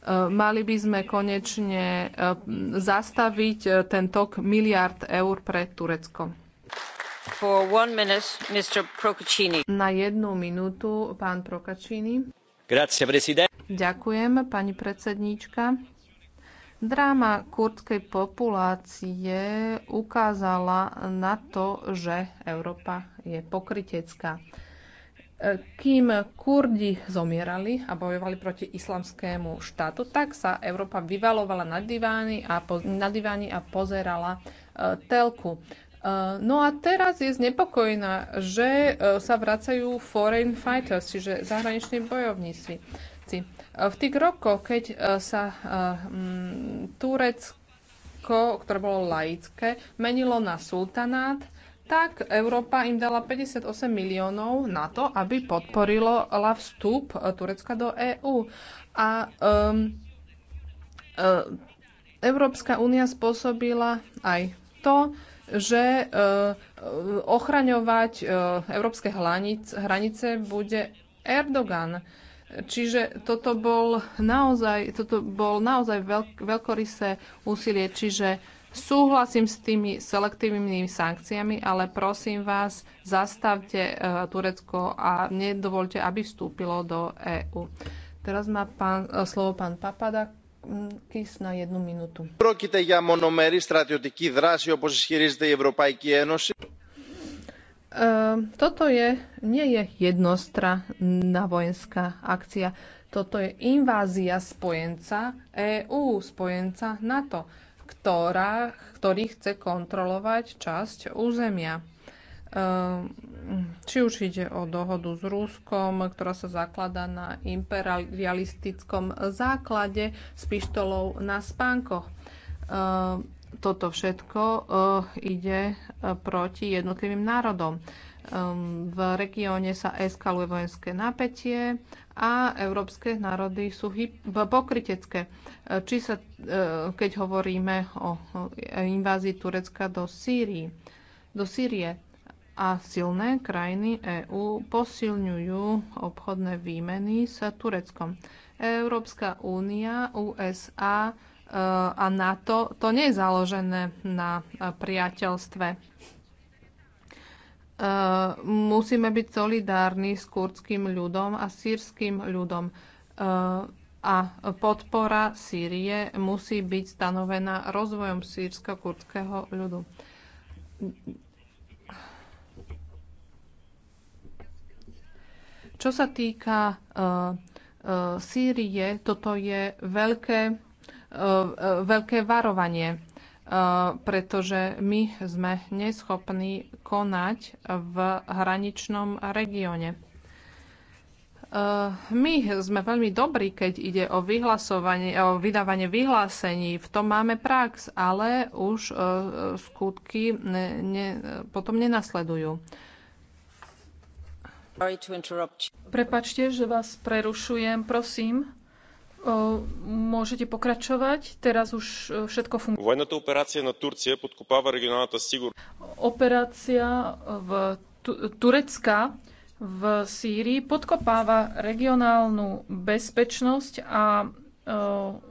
Uh, mali by sme konečne uh, zastaviť uh, ten tok miliard eur pre Turecko. For one minute, Mr. Na jednu minútu, pán Procaccini. Grazie, Ďakujem, pani predsedníčka Dráma kurdskej populácie ukázala na to, že Európa je pokrytecká Kým Kurdi zomierali a bojovali proti islamskému štátu, tak sa Európa vyvalovala na divány a, po, na divány a pozerala uh, telku. E, no a teraz je znepokojená, že e, sa vracajú foreign fighters, čiže zahraniční bojovníci. V tých rokoch, keď e, sa e, Turecko, ktoré bolo laické, menilo na sultanát, tak Európa im dala 58 miliónov na to, aby podporilo vstup e, Turecka do EÚ. A um, Európska únia spôsobila aj to, že uh, ochraňovať uh, európske hranice bude Erdogan. Uh, Čiže toto bol naozaj, toto bol naozaj veľk, veľkorysé úsilie, čiže súhlasím s tými selektívnymi sankciami, ale prosím vás, zastavte e, Turecko a nedovolte, aby vstúpilo do EÚ. Teraz má pán, e, slovo pán Papada Kis na jednu minútu. Πρόκειται για μονομερή στρατιωτική δράση, όπως ισχυρίζεται η Ευρωπαϊκή Ένωση. Ehm, toto je, nie je jednostranná vojenská akcia. Toto je invázia spojenca EÚ, spojenca NATO, ktorá, ktorý chce kontrolovať časť územia. Ehm, či už ide o dohodu s Ruskom, ktorá sa zaklada na imperialistickom základe s pištolou na spánkoch ehm, toto všetko uh, ide eh, proti jednotlivým národom. Um, v regióne sa eskaluje vojenské napätie a európske národy sú pokrytecké. Eh, či sa, uh, keď hovoríme o invázii Turecka do, Sýrii, do Sýrie a silné krajiny EÚ posilňujú obchodné výmeny s Tureckom. Európska únia, USA, a NATO, to nie je založené na e, priateľstve. E, musíme byť solidárni s kurdským ľudom a sírským ľudom. E, a podpora Sýrie musí byť stanovená rozvojom sírsko-kurdského ľudu. Čo sa týka uh, uh, Sýrie, toto je veľké E, veľké varovanie, e, pretože my sme neschopní konať v hraničnom regióne. E, my sme veľmi dobrí, keď ide o, vyhlasovanie, o vydávanie vyhlásení. V tom máme prax, ale už skutky ne, ne, potom nenasledujú. Prepačte, že vás prerušujem. Prosím, Môžete pokračovať. Teraz už e, všetko funguje. Vojната operácia na Turcie podkopáva regionálna sigur. Operácia v tu- Turecka v Sýrii podkopáva regionálnu bezpečnosť a e,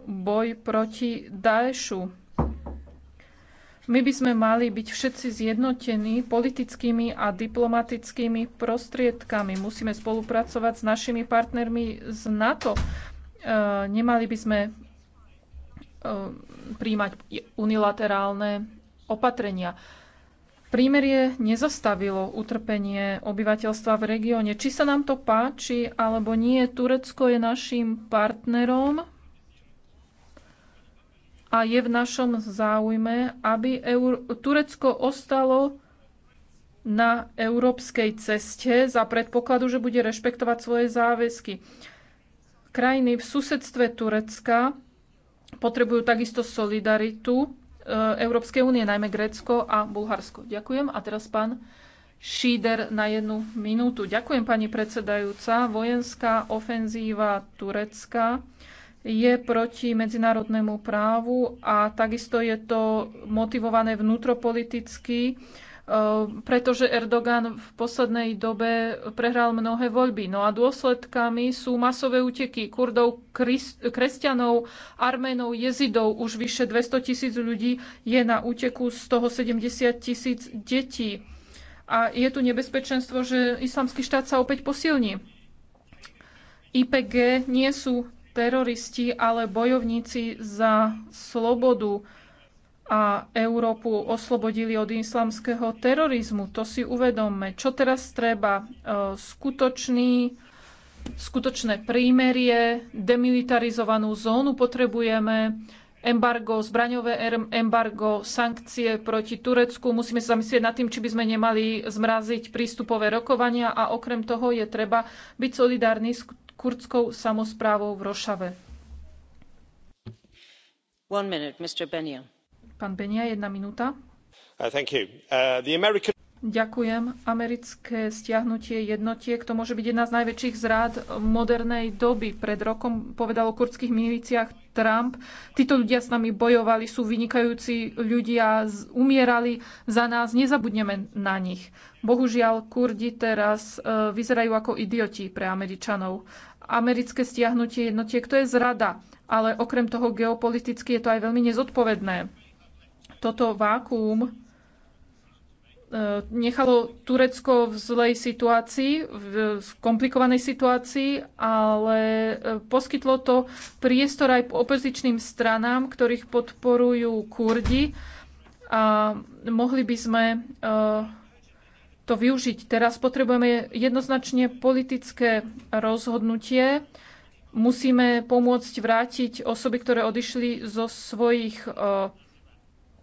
boj proti Daešu. My by sme mali byť všetci zjednotení politickými a diplomatickými prostriedkami. Musíme spolupracovať s našimi partnermi z NATO Eh, nemali by sme eh, príjmať unilaterálne opatrenia. Prímerie nezastavilo utrpenie obyvateľstva v regióne. Či sa nám to páči alebo nie, Turecko je našim partnerom a je v našom záujme, aby Eur- Turecko ostalo na európskej ceste za predpokladu, že bude rešpektovať svoje záväzky. Krajiny v susedstve Turecka potrebujú takisto solidaritu e, Európskej únie, najmä Grécko a Bulharsko. Ďakujem. A teraz pán Šíder na jednu minútu. Ďakujem, pani predsedajúca. Vojenská ofenzíva Turecka je proti medzinárodnému právu a takisto je to motivované vnútropoliticky Ehm, pretože Erdogan v poslednej dobe prehral mnohé voľby. No a dôsledkami sú masové úteky Kurdov, kresťanov, Arménov, jezidov. Už vyše 200 tisíc ľudí je na úteku, z toho 70 tisíc detí. A je tu nebezpečenstvo, že islamský štát sa opäť posilní. IPG nie sú teroristi, ale bojovníci za slobodu a Európu oslobodili od islamského terorizmu. To si uvedomme. Čo teraz treba? E, skutočný, skutočné prímerie, demilitarizovanú zónu potrebujeme, embargo, zbraňové embargo, sankcie proti Turecku. Musíme sa zamyslieť nad tým, či by sme nemali zmraziť prístupové rokovania a okrem toho je treba byť solidárny s kurdskou samozprávou v Rošave. One minute, Mr. Benio Pán Benia, jedna minúta. Uh, uh, American... Ďakujem. Americké stiahnutie jednotiek, to môže byť jedna z najväčších zrád modernej doby. Pred rokom povedal o kurdských milíciách Trump. Títo ľudia s nami bojovali, sú vynikajúci ľudia, umierali za nás, nezabudneme na nich. Bohužiaľ, Kurdi teraz uh, vyzerajú ako idioti pre Američanov. Americké stiahnutie jednotiek, to je zrada, ale okrem toho geopoliticky je to aj veľmi nezodpovedné toto vákuum e, nechalo Turecko v zlej situácii, v komplikovanej situácii, ale e, poskytlo to priestor aj opozičným stranám, ktorých podporujú Kurdi a mohli by sme e, to využiť. Teraz potrebujeme jednoznačne politické rozhodnutie. Musíme pomôcť vrátiť osoby, ktoré odišli zo svojich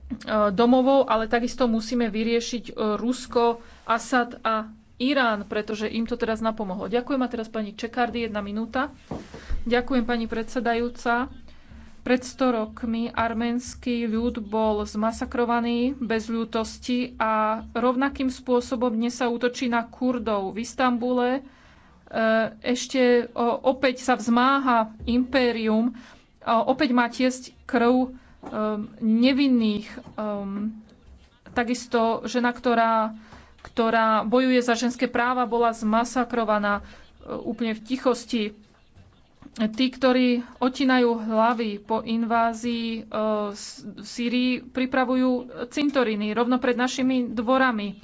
Eh, domovou, ale takisto musíme vyriešiť eh, Rusko, Asad a Irán, pretože im to teraz napomohlo. Ďakujem a teraz pani Čekardy, jedna minúta. Ďakujem pani predsedajúca. Pred 100 rokmi arménsky ľud bol zmasakrovaný bez ľútosti a rovnakým spôsobom dnes sa útočí na Kurdov. V Istambule eh, ešte opäť sa vzmáha impérium, opäť má tiesť krv um, nevinných. Um, takisto žena, ktorá, ktorá bojuje za ženské práva, bola zmasakrovaná uh, úplne v tichosti. Tí, ktorí otinajú hlavy po invázii uh, v Sýrii, pripravujú cintoriny rovno pred našimi dvorami.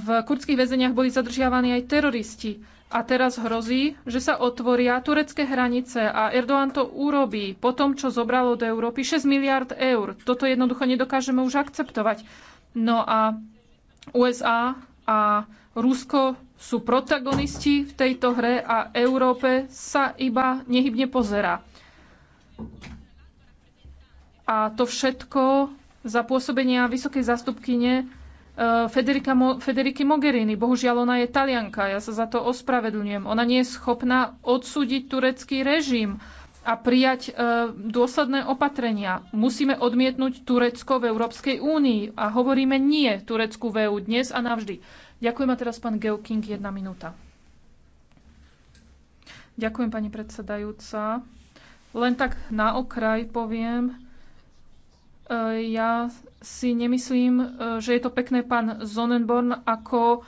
V kurdských väzeniach boli zadržiavaní aj teroristi. A teraz hrozí, že sa otvoria turecké hranice a Erdoğan to urobí po tom, čo zobralo do Európy 6 miliard eur. Toto jednoducho nedokážeme už akceptovať. No a USA a Rusko sú protagonisti v tejto hre a Európe sa iba nehybne pozera. A to všetko za pôsobenia vysokej zastupkyne E, Federica Mo- Federiky Mogherini. Bohužiaľ, ona je talianka, ja sa za to ospravedlňujem. Ona nie je schopná odsúdiť turecký režim a prijať e, dôsledné opatrenia. Musíme odmietnúť Turecko v Európskej únii a hovoríme nie Turecku v EU dnes a navždy. Ďakujem a teraz pán Geoking, jedna minúta. Ďakujem, pani predsedajúca. Len tak na okraj poviem, e, ja si nemyslím, e, že je to pekné, pán Zonenborn, ako,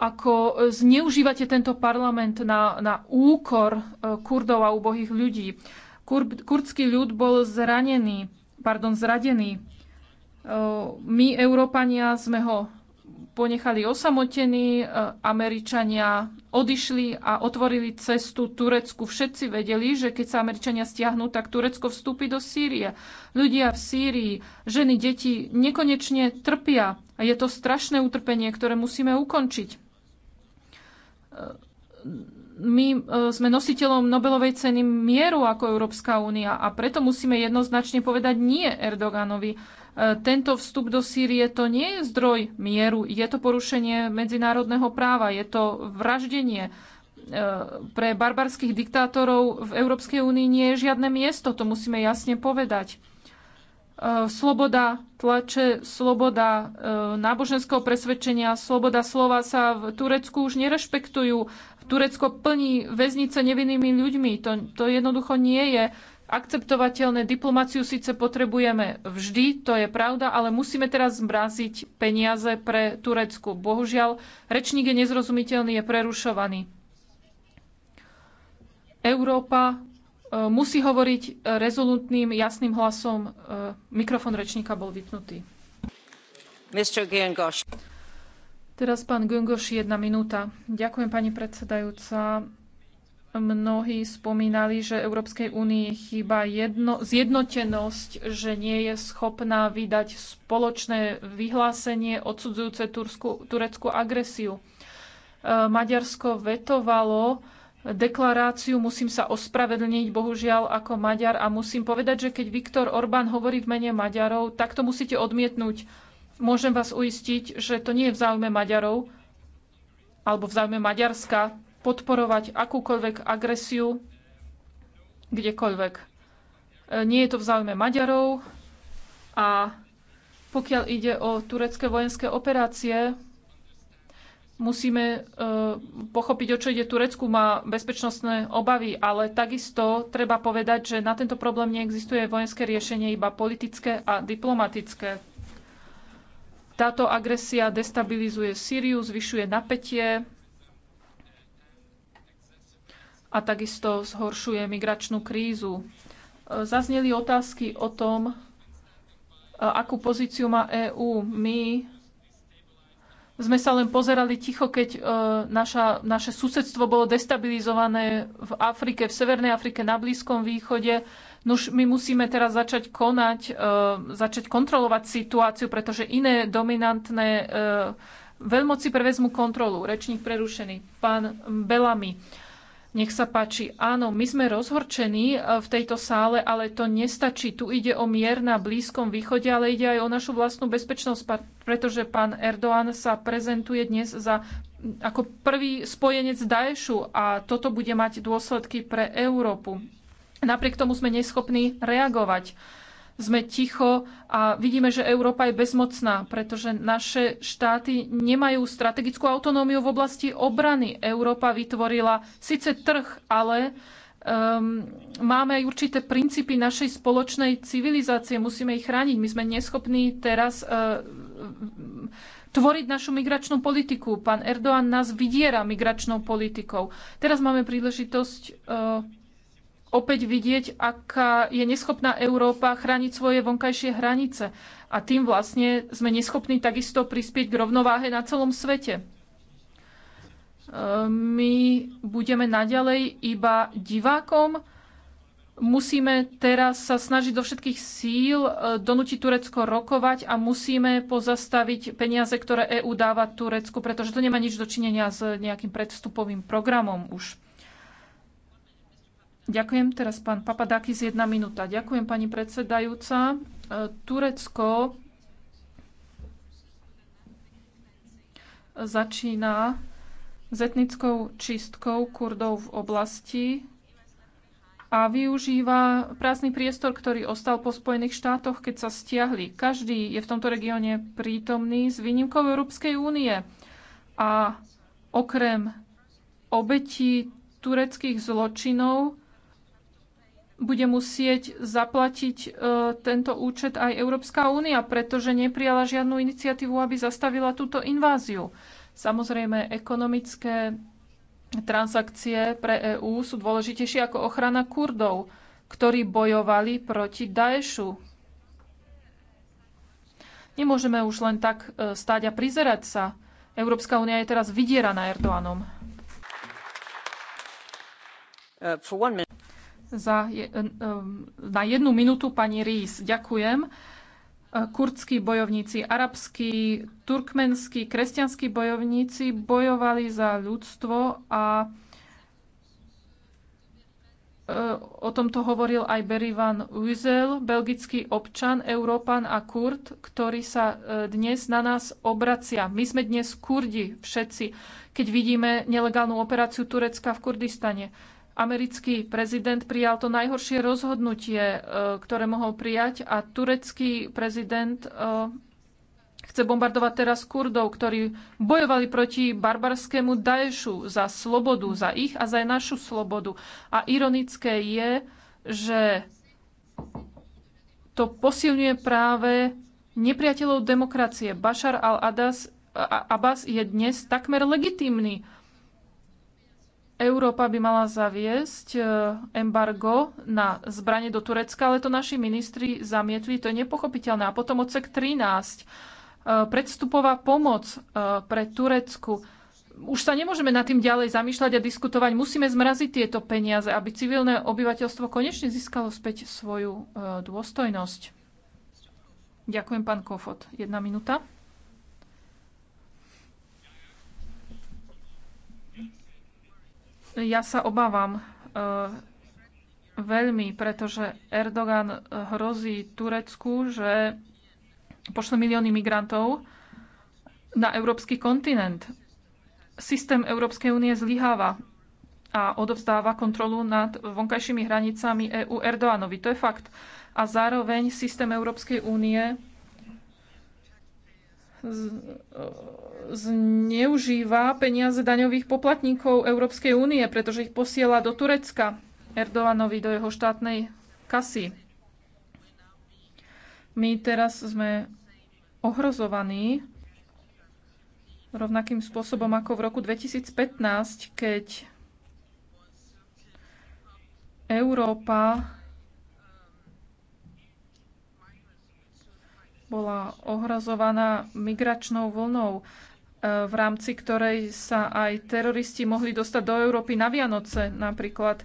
ako zneužívate tento parlament na, na úkor e, kurdov a ubohých ľudí. Kur, kurdský ľud bol zranený, pardon, zradený. E, my, Európania, sme ho ponechali osamotení, e, Američania odišli a otvorili cestu Turecku. Všetci vedeli, že keď sa Američania stiahnu, tak Turecko vstúpi do Sýrie. Ľudia v Sýrii, ženy, deti nekonečne trpia a je to strašné utrpenie, ktoré musíme ukončiť. E, my e, sme nositeľom Nobelovej ceny mieru ako Európska únia a preto musíme jednoznačne povedať nie Erdoganovi E, tento vstup do Sýrie to nie je zdroj mieru, je to porušenie medzinárodného práva, je to vraždenie. E, pre barbarských diktátorov v Európskej únii nie je žiadne miesto, to musíme jasne povedať e, sloboda tlače, sloboda náboženského presvedčenia, sloboda slova sa v Turecku už nerešpektujú. Turecko plní väznice nevinnými ľuďmi. To, to jednoducho nie je akceptovateľné. Diplomáciu síce potrebujeme vždy, to je pravda, ale musíme teraz zmraziť peniaze pre Turecku. Bohužiaľ, rečník je nezrozumiteľný, je prerušovaný. Európa e, musí hovoriť e, rezolutným, jasným hlasom. E, mikrofón rečníka bol vypnutý. Mr. Teraz pán Gungoš, jedna minúta. Ďakujem, pani predsedajúca. Mnohí spomínali, že Európskej únii chýba jedno, zjednotenosť, že nie je schopná vydať spoločné vyhlásenie odsudzujúce Tursku, tureckú agresiu. E, Maďarsko vetovalo deklaráciu, musím sa ospravedlniť, bohužiaľ, ako Maďar a musím povedať, že keď Viktor Orbán hovorí v mene Maďarov, tak to musíte odmietnúť. Môžem vás uistiť, že to nie je v záujme Maďarov alebo v záujme Maďarska, podporovať akúkoľvek agresiu kdekoľvek. E, nie je to v záujme Maďarov a pokiaľ ide o turecké vojenské operácie, musíme e, pochopiť, o čo ide Turecku, má bezpečnostné obavy, ale takisto treba povedať, že na tento problém neexistuje vojenské riešenie, iba politické a diplomatické. Táto agresia destabilizuje Sýriu, zvyšuje napätie, a takisto zhoršuje migračnú krízu. Zazneli otázky o tom, akú pozíciu má EÚ. My sme sa len pozerali ticho, keď e, naša, naše susedstvo bolo destabilizované v Afrike, v Severnej Afrike, na Blízkom východe. Nož my musíme teraz začať konať, e, začať kontrolovať situáciu, pretože iné dominantné e, veľmoci prevezmu kontrolu. Rečník prerušený. Pán Belami. Nech sa páči, áno, my sme rozhorčení e, v tejto sále, ale to nestačí. Tu ide o mier na Blízkom východe, ale ide aj o našu vlastnú bezpečnosť, pretože pán Erdoğan sa prezentuje dnes za ako prvý spojenec Daešu a toto bude mať dôsledky pre Európu. Napriek tomu sme neschopní reagovať sme ticho a vidíme, že Európa je bezmocná, pretože naše štáty nemajú strategickú autonómiu v oblasti obrany. Európa vytvorila síce trh, ale um, máme aj určité princípy našej spoločnej civilizácie, musíme ich chrániť. My sme neschopní teraz uh, tvoriť našu migračnú politiku. Pán Erdoğan nás vydiera migračnou politikou. Teraz máme príležitosť uh, opäť vidieť, aká je neschopná Európa chrániť svoje vonkajšie hranice. A tým vlastne sme neschopní takisto prispieť k rovnováhe na celom svete. Ehm, my budeme naďalej iba divákom. Musíme teraz sa snažiť do všetkých síl e, donútiť Turecko rokovať a musíme pozastaviť peniaze, ktoré EÚ dáva Turecku, pretože to nemá nič dočinenia s nejakým predstupovým programom už. Ďakujem teraz pán Papadakis, jedna minúta. Ďakujem pani predsedajúca. E, Turecko začína s etnickou čistkou Kurdov v oblasti a využíva prázdny priestor, ktorý ostal po Spojených štátoch, keď sa stiahli. Každý je v tomto regióne prítomný s výnimkou Európskej únie. A okrem obetí tureckých zločinov bude musieť zaplatiť e, tento účet aj Európska únia, pretože neprijala žiadnu iniciatívu, aby zastavila túto inváziu. Samozrejme, ekonomické transakcie pre EÚ sú dôležitejšie ako ochrana Kurdov, ktorí bojovali proti Daešu. Nemôžeme už len tak e, stáť a prizerať sa. Európska únia je teraz vydieraná Erdoganom. Uh, za, na jednu minútu pani Rís. Ďakujem. Kurdskí bojovníci, arabskí, turkmenskí, kresťanskí bojovníci bojovali za ľudstvo a e, o tomto hovoril aj Berivan Uzel, belgický občan, Európan a Kurd, ktorý sa e, dnes na nás obracia. My sme dnes Kurdi všetci, keď vidíme nelegálnu operáciu Turecka v Kurdistane. Americký prezident prijal to najhoršie rozhodnutie, e, ktoré mohol prijať a turecký prezident e, chce bombardovať teraz Kurdov, ktorí bojovali proti barbarskému Daešu za slobodu, za ich a za aj našu slobodu. A ironické je, že to posilňuje práve nepriateľov demokracie. Bashar al-Abbas je dnes takmer legitímny Európa by mala zaviesť e, embargo na zbranie do Turecka, ale to naši ministri zamietli. To je nepochopiteľné. A potom odsek 13. E, predstupová pomoc e, pre Turecku. Už sa nemôžeme nad tým ďalej zamýšľať a diskutovať. Musíme zmraziť tieto peniaze, aby civilné obyvateľstvo konečne získalo späť svoju dôstojnosť. Ďakujem, pán Kofot. Jedna minúta. Ja sa obávam eh, veľmi, pretože Erdogan hrozí Turecku, že pošle milióny migrantov na európsky kontinent. Systém Európskej únie zlyháva a odovzdáva kontrolu nad vonkajšími hranicami EÚ Erdoganovi. To je fakt. A zároveň systém Európskej únie zneužíva peniaze daňových poplatníkov Európskej únie, pretože ich posiela do Turecka Erdoganovi, do jeho štátnej kasy. My teraz sme ohrozovaní rovnakým spôsobom ako v roku 2015, keď Európa bola ohrazovaná migračnou vlnou, e, v rámci ktorej sa aj teroristi mohli dostať do Európy na Vianoce. Napríklad e,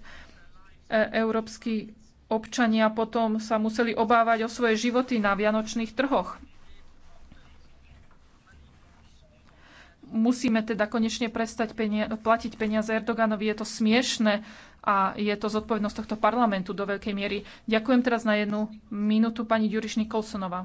európsky občania potom sa museli obávať o svoje životy na vianočných trhoch. Musíme teda konečne prestať penia- platiť peniaze Erdoganovi. Je to smiešne a je to zodpovednosť tohto parlamentu do veľkej miery. Ďakujem teraz na jednu minútu pani Ďuriš Nikolsonová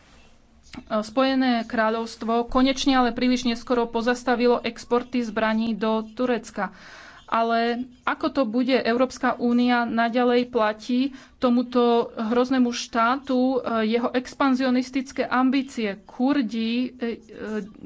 Spojené kráľovstvo konečne, ale príliš neskoro pozastavilo exporty zbraní do Turecka. Ale ako to bude, Európska únia naďalej platí tomuto hroznému štátu e, jeho expanzionistické ambície. Kurdi, 10 e,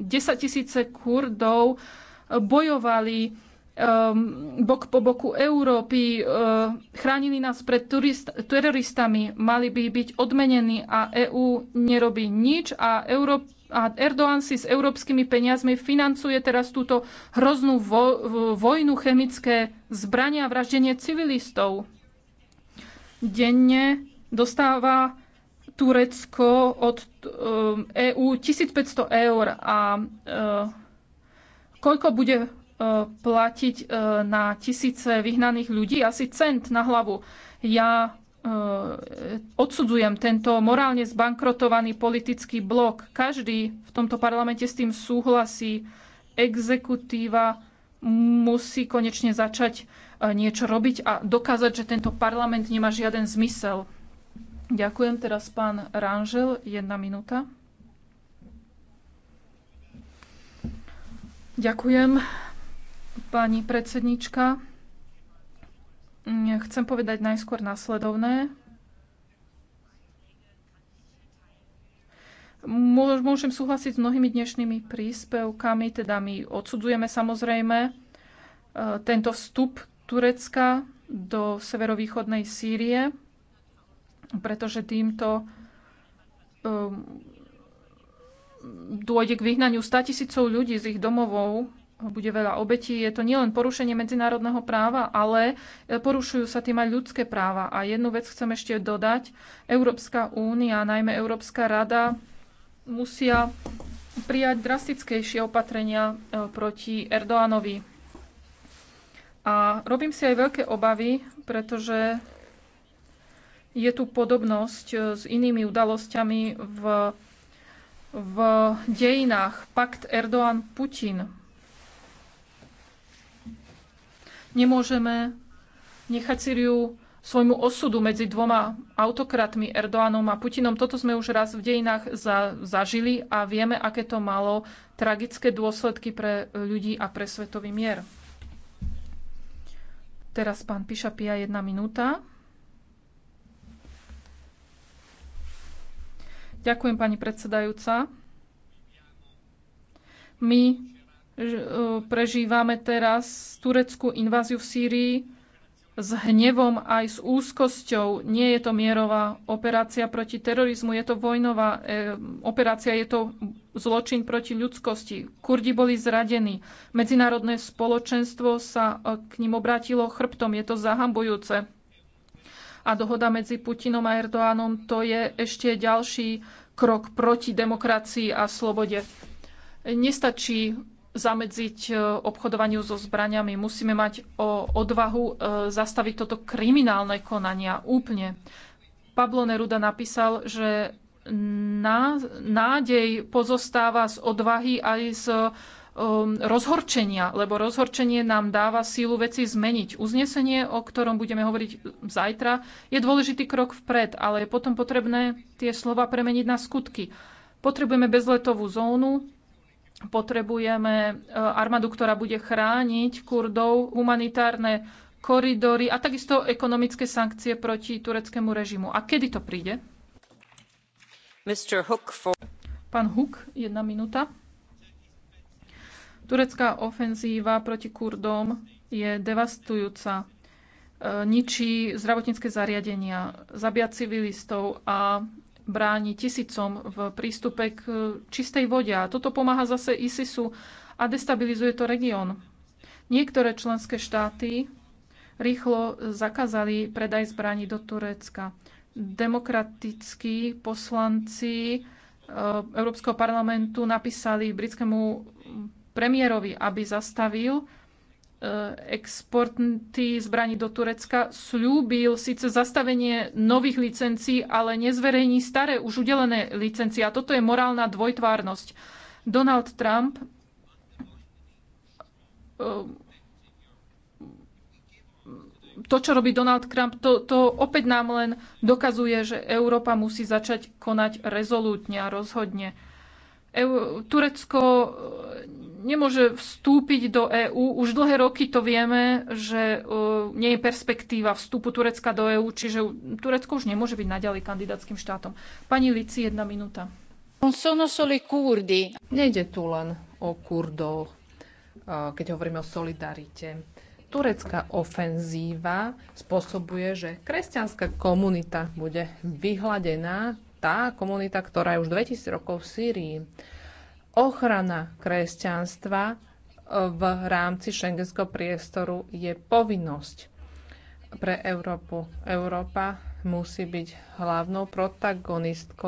e, tisíce Kurdov bojovali um, bok po boku Európy, uh, chránili nás pred turist- teroristami, mali by byť odmenení a EÚ nerobí nič a, Euró- a Erdoğan si s európskymi peniazmi financuje teraz túto hroznú vo- vojnu, chemické zbrania a vraždenie civilistov. Denne dostáva Turecko od um, EÚ 1500 eur a uh, koľko bude Eh, platiť eh, na tisíce vyhnaných ľudí asi cent na hlavu. Ja eh, odsudzujem tento morálne zbankrotovaný politický blok. Každý v tomto parlamente s tým súhlasí. Exekutíva musí konečne začať niečo robiť a dokázať, že tento parlament nemá žiaden zmysel. Ďakujem teraz pán Ranžel. Jedna minúta. Ďakujem pani predsednička. Mm, chcem povedať najskôr nasledovné. Môžem súhlasiť s mnohými dnešnými príspevkami, teda my odsudzujeme samozrejme e, tento vstup Turecka do severovýchodnej Sýrie, pretože týmto e, dôjde k vyhnaniu 100 tisícov ľudí z ich domovov bude veľa obetí. Je to nielen porušenie medzinárodného práva, ale e, porušujú sa tým aj ľudské práva. A jednu vec chcem ešte dodať. Európska únia, najmä Európska rada, musia prijať drastickejšie opatrenia e, proti Erdoánovi. A robím si aj veľké obavy, pretože je tu podobnosť e, s inými udalosťami v, v dejinách. Pakt Erdoğan-Putin Nemôžeme nechať Syriu svojmu osudu medzi dvoma autokratmi, Erdoánom a Putinom. Toto sme už raz v dejinách za, zažili a vieme, aké to malo tragické dôsledky pre ľudí a pre svetový mier. Teraz pán Piša Pia, jedna minúta. Ďakujem, pani predsedajúca. My E, prežívame teraz tureckú inváziu v Sýrii s hnevom aj s úzkosťou. Nie je to mierová operácia proti terorizmu, je to vojnová e, operácia, je to zločin proti ľudskosti. Kurdi boli zradení. Medzinárodné spoločenstvo sa e, k ním obrátilo chrbtom. Je to zahambujúce. A dohoda medzi Putinom a Erdoánom to je ešte ďalší krok proti demokracii a slobode. Nestačí zamedziť e, obchodovaniu so zbraniami. Musíme mať o e, odvahu e, zastaviť toto kriminálne konania úplne. Pablo Neruda napísal, že nádej pozostáva z odvahy aj z rozhorčenia, lebo rozhorčenie nám dáva sílu veci zmeniť. Uznesenie, o ktorom budeme hovoriť zajtra, je dôležitý krok vpred, ale je potom potrebné tie slova premeniť na skutky. Potrebujeme bezletovú zónu, Potrebujeme e, armádu, ktorá bude chrániť Kurdov, humanitárne koridory a takisto ekonomické sankcie proti tureckému režimu. A kedy to príde? Hook for... Pán Huk, jedna minúta. Turecká ofenzíva proti Kurdom je devastujúca. E, ničí zdravotnícke zariadenia, zabia civilistov a bráni tisícom v prístupe k čistej vode. A toto pomáha zase ISISu a destabilizuje to región. Niektoré členské štáty rýchlo zakázali predaj zbraní do Turecka. Demokratickí poslanci e, Európskeho parlamentu napísali britskému premiérovi, aby zastavil Eh, exportný zbraní do Turecka slúbil síce zastavenie nových licencií, ale nezverejní staré už udelené licencie. A toto je morálna dvojtvárnosť. Donald Trump eh, to, čo robí Donald Trump, to, to opäť nám len dokazuje, že Európa musí začať konať rezolútne a rozhodne. Turecko nemôže vstúpiť do EÚ. Už dlhé roky to vieme, že e, nie je perspektíva vstupu Turecka do EÚ, čiže Turecko už nemôže byť naďalej kandidátským štátom. Pani Lici, jedna minúta. Nejde tu len o Kurdov, e, keď hovoríme o solidarite. Turecká ofenzíva spôsobuje, že kresťanská komunita bude vyhladená, tá komunita, ktorá je už 2000 rokov v Sýrii. Ochrana kresťanstva e, v rámci šengenského priestoru je povinnosť pre Európu. Európa musí byť hlavnou protagonistkou